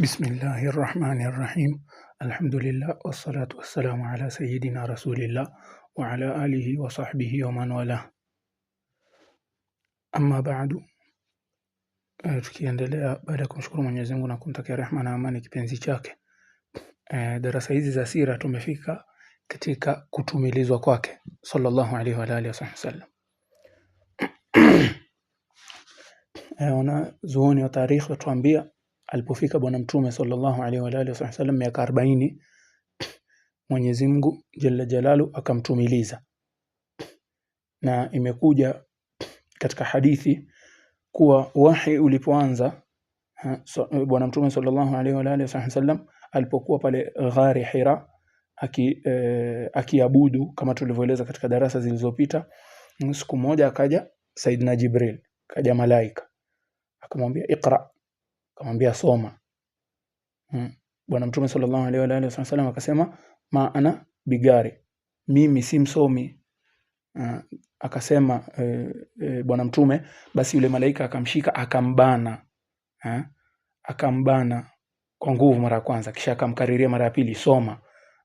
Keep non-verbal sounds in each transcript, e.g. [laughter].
Bismillahi rahmani rahim. Alhamdulillah wassalatu wassalamu ala sayidina rasulillah wa ala alihi wa sahbihi wa man wala, amma baadu. E, eh, tukiendelea baada ya kumshukuru Mwenyezi Mungu na kumtakia rehma na amani kipenzi chake. E, darasa hizi za sira tumefika katika kutumilizwa kwake sallallahu alaihi wa alihi wasallam. [clears throat] Eh, wanazuoni wa tarikhi watuambia alipofika Bwana Mtume sallallahu alaihi wa alihi wasallam miaka 40, Mwenyezi Mungu jalla jalalu akamtumiliza, na imekuja katika hadithi kuwa wahi ulipoanza so, Bwana Mtume sallallahu alaihi wa alihi wasallam alipokuwa pale ghari Hira aki e, akiabudu kama tulivyoeleza katika darasa zilizopita, siku moja akaja saidna Jibril, kaja malaika akamwambia iqra akamwambia soma. Hmm. Bwana Mtume sallallahu alaihi wa alihi wasallam akasema ma ana bigari, mimi si msomi. Uh, akasema uh, uh, Bwana Mtume, basi yule malaika akamshika akambana, uh, akambana kwa nguvu mara ya kwanza, kisha akamkariria mara ya pili, soma.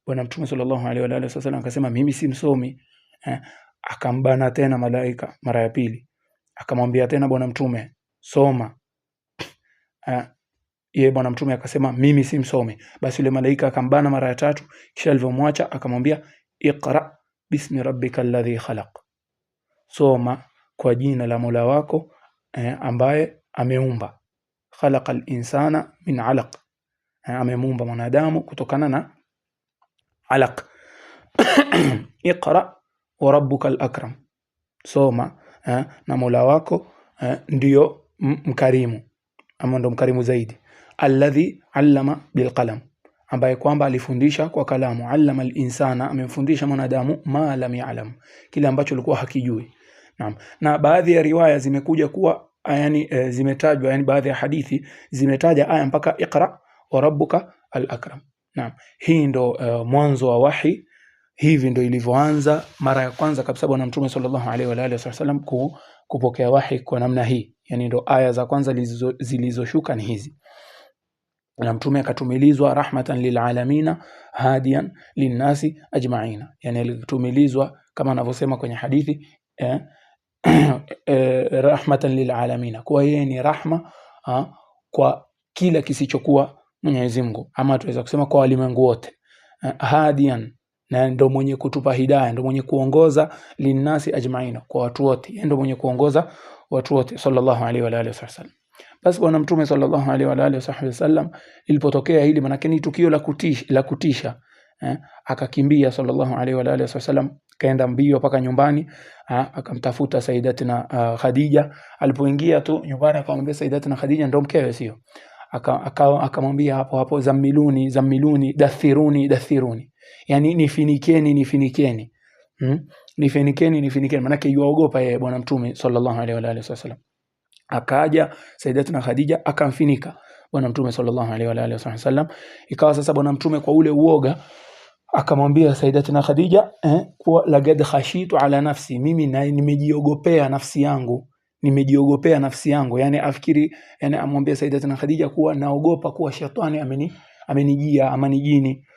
Bwana Mtume sallallahu alaihi wa alihi wasallam akasema mimi si msomi Uh, Akambana tena malaika mara ya pili, akamwambia tena Bwana Mtume, soma. Eh, yeye bwana mtume akasema mimi si msomi. Basi yule malaika akambana mara ya tatu, kisha alivyomwacha akamwambia iqra bismi rabbika alladhi khalaq, soma kwa jina la mola wako eh, ambaye ameumba. Khalaqa linsana min alaq, eh, amemuumba mwanadamu kutokana na alaq. [coughs] iqra wa rabbuka alakram, soma eh, na mola wako eh, ndiyo mkarimu ama ndo mkarimu zaidi alladhi allama bilqalam ambaye kwamba alifundisha kwa kalamu allama linsana amemfundisha mwanadamu ma lam yaalam kile ambacho alikuwa hakijui Naam. Na baadhi ya riwaya zimekuja kuwa yani, e, zimetajwa yani baadhi ya hadithi zimetaja aya mpaka iqra wa rabbuka alakram Naam. Hii ndo e, mwanzo wa wahi. Hivi ndo ilivyoanza mara ya kwanza kabisa Bwana Mtume sallallahu alaihi wa alihi wasallam kupokea wahi kwa namna hii yani ndo aya za kwanza zilizoshuka ni hizi na mtume akatumilizwa rahmatan lilalamina hadian linnasi ajmaina yani alitumilizwa kama anavyosema kwenye hadithi eh, [clears throat] eh rahmatan lilalamina kuwa yeye ni rahma ha, kwa kila kisichokuwa Mwenyezi Mungu ama tuweza kusema kwa walimwengu wote eh, hadian na ndo mwenye kutupa hidaya ndo mwenye kuongoza linnasi ajmaina kwa watu wote ndo mwenye kuongoza watu wote sallallahu alaihi wa alihi wasallam. Basi bwana mtume sallallahu alaihi wa alihi wasallam, ilipotokea hili, maanake ni tukio la kutisha, la kutisha eh, akakimbia sallallahu alaihi wa alihi wasallam, kaenda mbio mpaka nyumbani, ah, akamtafuta Saidatina uh, ah, Khadija. Alipoingia tu nyumbani, akamwambia Saidatina Khadija, ndo mkewe sio? Akamwambia aka, aka hapo hapo, zamiluni zamiluni, dathiruni dathiruni, yani nifinikeni nifinikeni, hmm? nifinikeni nifinikeni, manake yuaogopa yeye Bwana Mtume sallallahu alaihi wa alihi wasallam. Akaja Sayyidatuna Khadija akamfinika Bwana Mtume sallallahu alaihi wa alihi wasallam. Ikawa sasa Bwana Mtume kwa ule uoga akamwambia Sayyidatuna Khadija eh, kuwa lagad khashitu ala nafsi, mimi na nimejiogopea nafsi yangu nimejiogopea nafsi yangu, yani afikiri, yani amwambia Sayyidatuna Khadija kuwa naogopa kuwa shetani ameni amenijia ama ni jini.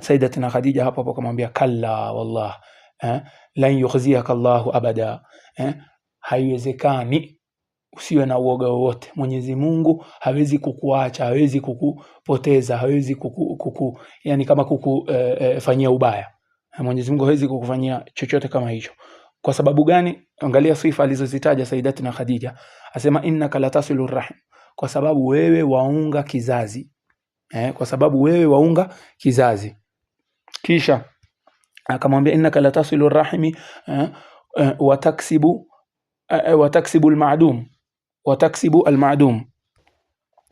Sayyidatuna Khadija hapo hapo akamwambia kalla wallah eh, lan yukhziaka Allahu abada eh, haiwezekani usiwe na uoga wowote. Mwenyezi Mungu hawezi kukuacha, hawezi kukupoteza, hawezi kuku, kuku yani kama kukufanyia eh, eh, e, e, ubaya. Eh, Mwenyezi Mungu hawezi kukufanyia chochote kama hicho. Kwa sababu gani? Angalia sifa alizozitaja Saidatina Khadija, asema innaka latasilu rahim, kwa sababu wewe waunga kizazi eh, kwa sababu wewe waunga kizazi kisha akamwambia innaka latasilu rahimi eh, eh, wataksibu eh, almadum wataksibu almadum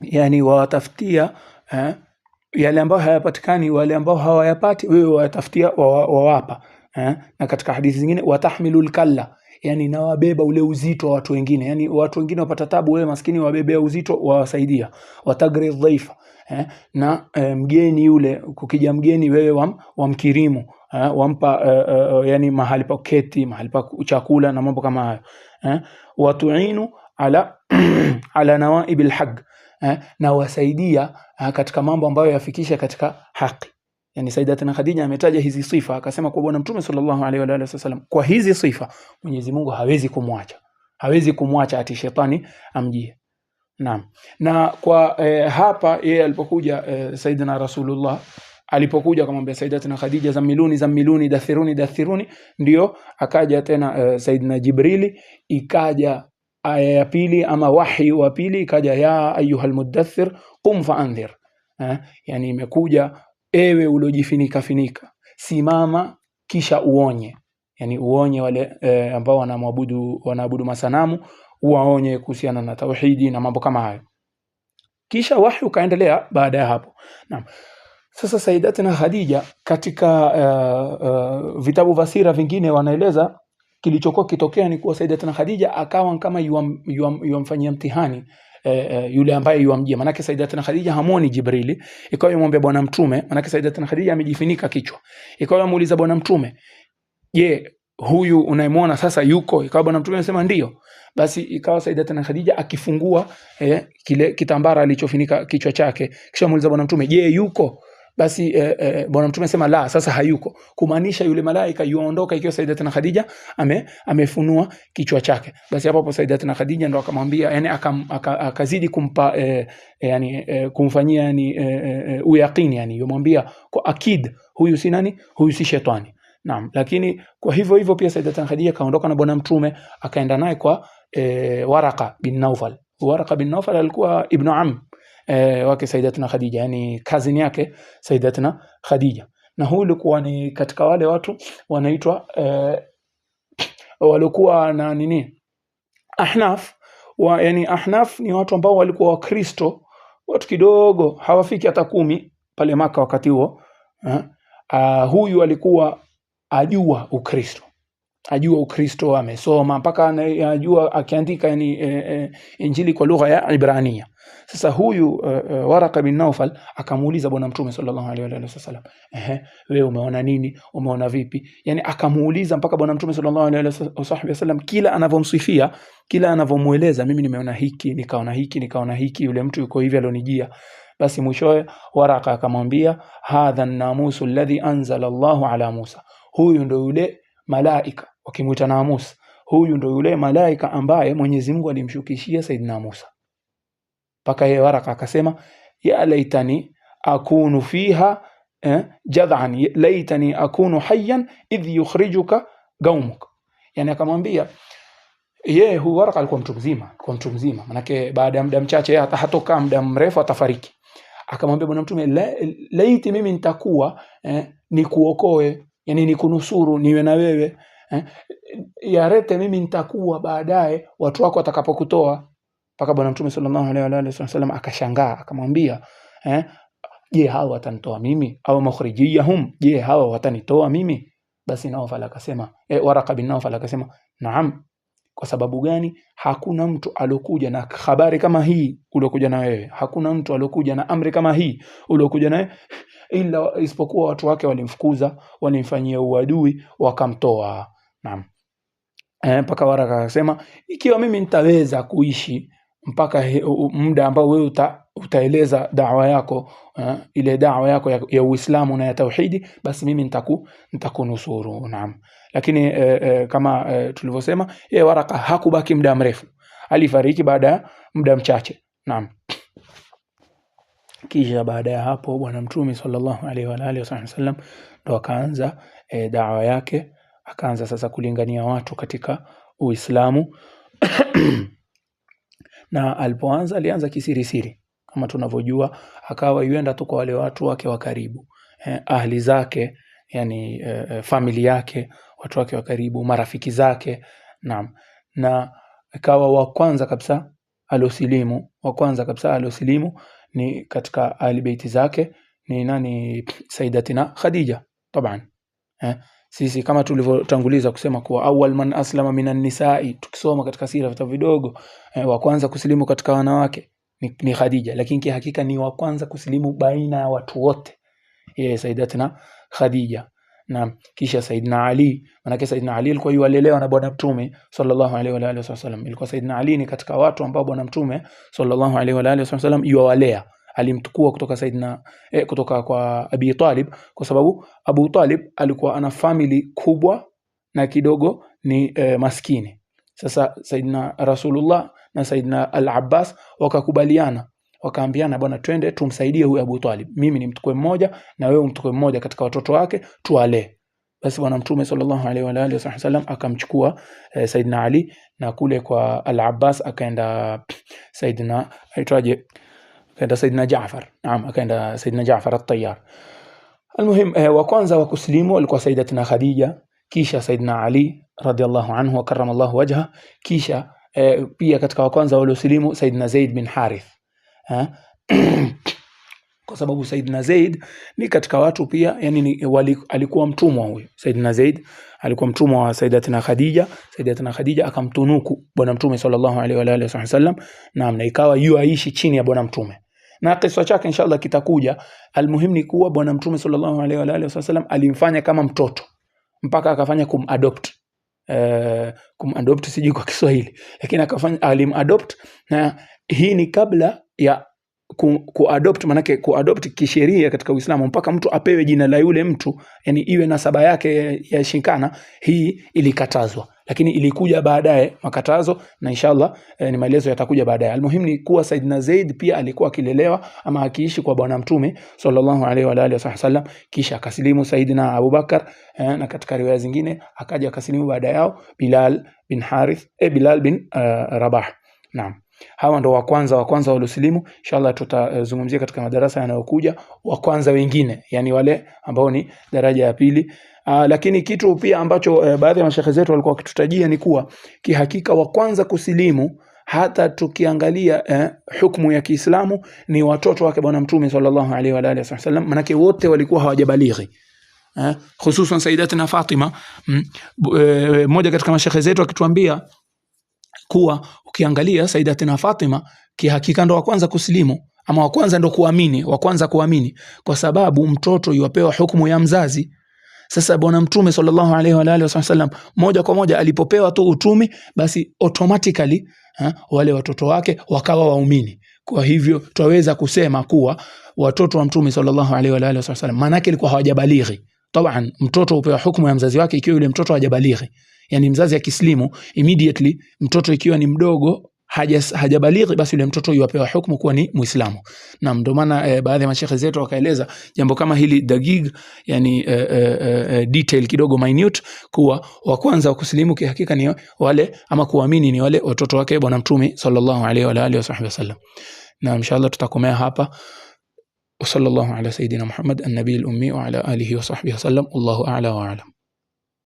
yani wawatafutia yale ambayo hayapatikani wale ambao hawayapati wewe watafutia wawapa na katika hadithi zingine watahmilu lkalla yani nawabeba ule uzito wa watu wengine yani watu wengine wapata tabu wewe maskini wabebea uzito wawasaidia watagri dhaifa na mgeni yule kukija mgeni wewe wam, wamkirimu eh, wampa eh, eh, eh, yani mahali pa keti mahali pa chakula na mambo kama hayo eh, watuinu ala [clears throat] ala nawaib alhaq eh, na wasaidia eh, katika mambo ambayo yafikisha katika haki. Yani Sayyidatuna Khadija ametaja hizi sifa akasema kwa bwana Mtume sallallahu alaihi wa alihi wasallam, kwa hizi sifa Mwenyezi Mungu hawezi kumwacha, hawezi kumwacha ati shetani amjie. Naam, na kwa eh, hapa yeye alipokuja eh, Sayyidina Rasulullah alipokuja akamwambia Saidatina Khadija, zamiluni zamiluni, dathiruni dathiruni, ndio akaja tena uh, eh, Saidina Jibrili, ikaja aya ya pili ama wahi wa pili ikaja, ya ayuha mudaththir qum faandhir eh, yani imekuja ewe uliojifinika finika, simama kisha uonye, yani uonye wale eh, ambao wanamwabudu wanaabudu masanamu, uwaonye kuhusiana na tauhidi na mambo kama hayo. Kisha wahi ukaendelea baada ya hapo. Naam. Sasa Saidatina Khadija katika uh, uh, vitabu vya sira vingine wanaeleza kilichokuwa kitokea ni kuwa Saidatina Khadija akawa kama yuamfanyia mtihani e, e, yule ambaye yuamjia. Manake Saidatina Khadija hamwoni Jibrili, ikawa yamwambia Bwana Mtume, manake Saidatina Khadija amejifunika kichwa, ikawa yamuuliza Bwana Mtume, je, huyu unayemwona sasa yuko? Ikawa Bwana Mtume anasema ndio. Basi ikawa Saidatana Khadija akifungua eh, kile kitambara alichofunika kichwa chake, kisha muuliza Bwana Mtume, je, yuko? basi eh, eh, bwana mtume sema la, sasa hayuko, kumaanisha yule malaika yuondoka, ikiwa Saidatina Khadija ame, amefunua kichwa chake. Basi hapo hapo Saidatina Khadija ndo akamwambia, yani akazidi kumpa eh, eh, yani eh, kumfanyia yani eh, eh, eh, uyaqini yani yomwambia kwa akid, huyu si nani, huyu si shetani. Naam, lakini kwa hivyo hivyo pia Saidatina Khadija kaondoka na bwana mtume akaenda naye kwa eh, Waraka bin Naufal. Waraka bin Naufal alikuwa ibnu am e, wake Saidatuna Khadija, yani kazini yake Saidatuna Khadija, na huyu ulikuwa ni katika wale watu wanaitwa e, eh, walikuwa na nini Ahnaf wa, yani Ahnaf ni watu ambao walikuwa Wakristo, watu kidogo hawafiki hata kumi pale Maka wakati huo. Uh, huyu alikuwa ajua Ukristo ajua Ukristo, amesoma mpaka anajua akiandika yani, e, e, Injili kwa lugha ya Ibrania. Sasa huyu e, eh, e, Waraka bin Naufal akamuuliza Bwana Mtume sallallahu alaihi wa sallam, ehe, wewe umeona nini? Umeona vipi? Yani akamuuliza mpaka Bwana Mtume sallallahu alaihi wa sallam kila anavyomsifia, kila anavyomueleza, mimi nimeona hiki, nikaona hiki, nikaona hiki, yule mtu yuko hivi alionijia basi mwishowe Waraka akamwambia hadha namusu alladhi anzala Allahu ala Musa, huyu ndo yule malaika wakimwita na Musa. Huyu ndo yule malaika ambaye Mwenyezi Mungu alimshukishia Saidina Musa, mpaka yeye waraka akasema ya laitani akunu fiha eh, jadhan laitani akunu hayyan idh yukhrijuka gaumuk, yani akamwambia ye hu waraka alikuwa mtu mzima, kwa mtu mzima, manake baada ya muda mchache hata hatokaa muda mrefu atafariki. Akamwambia bwana mtume, laiti mimi nitakuwa eh, nikuokoe yani nikunusuru niwe na wewe eh? yarete mimi nitakuwa baadaye watu wako watakapokutoa mpaka bwana mtume sallallahu alaihi wasallam akashangaa akamwambia eh? je hawa watanitoa mimi au mukhrijiyahum je hawa watanitoa mimi basi naofala akasema eh, Waraka bin Naufal akasema naam kwa sababu gani? Hakuna mtu aliokuja na habari kama hii uliokuja na wewe, hakuna mtu aliokuja na amri kama hii uliokuja naye, ila isipokuwa watu wake walimfukuza, walimfanyia uadui, wakamtoa. Naam. eh, mpaka waraka akasema, ikiwa mimi nitaweza kuishi mpaka muda ambao wewe uta, utaeleza dawa yako uh, ile dawa yako ya, ya Uislamu na ya tauhidi, basi mimi nitaku nitakunusuru. Naam lakini e, e, kama e, tulivyosema yeye Waraka hakubaki muda mrefu, alifariki baada ya muda mchache. Naam. Kisha baada ya hapo Bwana Mtume sallallahu alaihi wa alihi wasallam ndo akaanza e, dawa yake, akaanza sasa kulingania watu katika Uislamu [clears throat] na alipoanza alianza kisirisiri kama tunavyojua, akawa yuenda tu kwa wale watu wake wa karibu eh, ahli zake yani eh, famili yake watu wake wa karibu, marafiki zake. Naam, na ikawa wa kwanza kabisa aliosilimu, wa kwanza kabisa aliosilimu ni katika ahli zake ni nani? Saidatina Khadija taban eh. Sisi kama tulivyotanguliza kusema kuwa awal man aslama minan nisai, tukisoma katika sira vitabu vidogo eh, wa kwanza kusilimu katika wanawake ni, ni Khadija, lakini kihakika ni wa kwanza kusilimu baina ya watu wote yeye Saidatina Khadija na kisha Saidna Ali manake Saidna Ali alikuwa yualelewa na bwana mtume sallallahu alaihi wa alihi wasallam ilikuwa Saidna Ali ni katika watu ambao bwana mtume sallallahu alaihi wa alihi wasallam yuwalea alimtukua kutoka Saidna eh, kutoka kwa Abi Talib kwa sababu Abu Talib alikuwa ana family kubwa na kidogo ni eh, maskini sasa Saidna Rasulullah na Saidna Al-Abbas wakakubaliana wakaambiana bwana, twende tumsaidie huyu Abu Talib, mimi ni mtukwe mmoja na wewe mtukwe mmoja katika watoto wake tuale. Basi Bwana Mtume sallallahu alaihi wa alihi wasallam akamchukua eh, Saidina Ali na kule kwa Al Abbas akaenda [sniffs] Saidina aitwaje, akaenda Saidina Jaafar, naam, akaenda Saidina Jaafar at-Tayyar. Almuhim eh, wa kwanza wa kuslimu alikuwa Saidatina Khadija, kisha Saidina Ali radhiallahu anhu wa karramallahu wajha, kisha eh, pia katika wa kwanza waliosilimu Saidina Zaid bin Harith [clears throat] kwa sababu Saidina Zaid ni katika watu pia yani ni, wali, alikuwa mtumwa huyo Saidina Zaid alikuwa mtumwa wa Saidatina Khadija. Saidatina Khadija akamtunuku Bwana Mtume sallallahu alaihi wa alihi wasallam, naam, na ikawa yu aishi chini ya Bwana Mtume na kisa chake inshallah kitakuja. Almuhim ni kuwa Bwana Mtume sallallahu alaihi wa alihi wasallam alimfanya kama mtoto mpaka akafanya kum adopt Uh, kum adopt sijui kwa Kiswahili lakini akafanya alim adopt, na hii ni kabla ya ku, adopt manake adopt kisheria katika Uislamu mpaka mtu apewe jina la yule mtu, yani iwe nasaba yake ya shikana, hii ilikatazwa, lakini ilikuja baadaye makatazo, na inshallah eh, ni maelezo yatakuja baadaye. Almuhimu ni kuwa Saidina Zaid pia alikuwa akilelewa ama akiishi kwa Bwana Mtume sallallahu alaihi wa alihi wasallam, kisha akasilimu Saidina Abubakar eh, na katika riwaya zingine akaja akasilimu baada yao Bilal bin Harith eh, Bilal bin uh, Rabah. Naam. Hawa ndo wa kwanza wa kwanza waliosilimu. Inshallah tutazungumzia katika madarasa yanayokuja wa kwanza wengine, yani wale ambao ni daraja ya pili. Aa, ah, lakini kitu pia ambacho e, baadhi ya mashehe zetu walikuwa wakitutajia ni kuwa kihakika wa kwanza kusilimu hata tukiangalia eh, hukumu ya Kiislamu ni watoto wake Bwana Mtume sallallahu alaihi wa alihi wasallam, manake wote walikuwa hawajabalighi eh, hususan Sayyidatina Fatima mmoja mm, e, katika mashehe zetu akituambia kuwa ukiangalia Saidatina Fatima kihakika ndo wa kwanza kusilimu ama wa kwanza ndo kuamini, wa kwanza kuamini, kwa sababu mtoto yupewa hukumu ya mzazi. Sasa Bwana Mtume sallallahu alaihi wa alihi wasallam moja kwa moja alipopewa tu utume, basi automatically ha, wale watoto wake wakawa waumini. Kwa hivyo twaweza kusema kuwa watoto wa Mtume sallallahu alaihi wa alihi wasallam maanake ilikuwa hawajabalighi. Tabaan, mtoto upewa hukumu ya mzazi wake ikiwa yule mtoto hajabalighi yani mzazi ya akislimu immediately mtoto ikiwa ni mdogo hajabalighi basi yule mtoto yupewa hukumu kuwa ni Muislamu. Na ndio maana e, baadhi ya mashehe zetu wakaeleza jambo kama hili dagig, yani e, e, e, detail kidogo minute, kuwa wa kwanza wakusilimu kihakika ni wale ama kuamini ni wale watoto wake Bwana Mtume sallallahu alaihi wa alihi wasahbihi wasallam. Na inshallah tutakomea hapa. Sallallahu ala sayidina Muhammad an-nabiy al-ummi wa ala alihi wa sahbihi wasallam. Allahu a'la wa a'lam.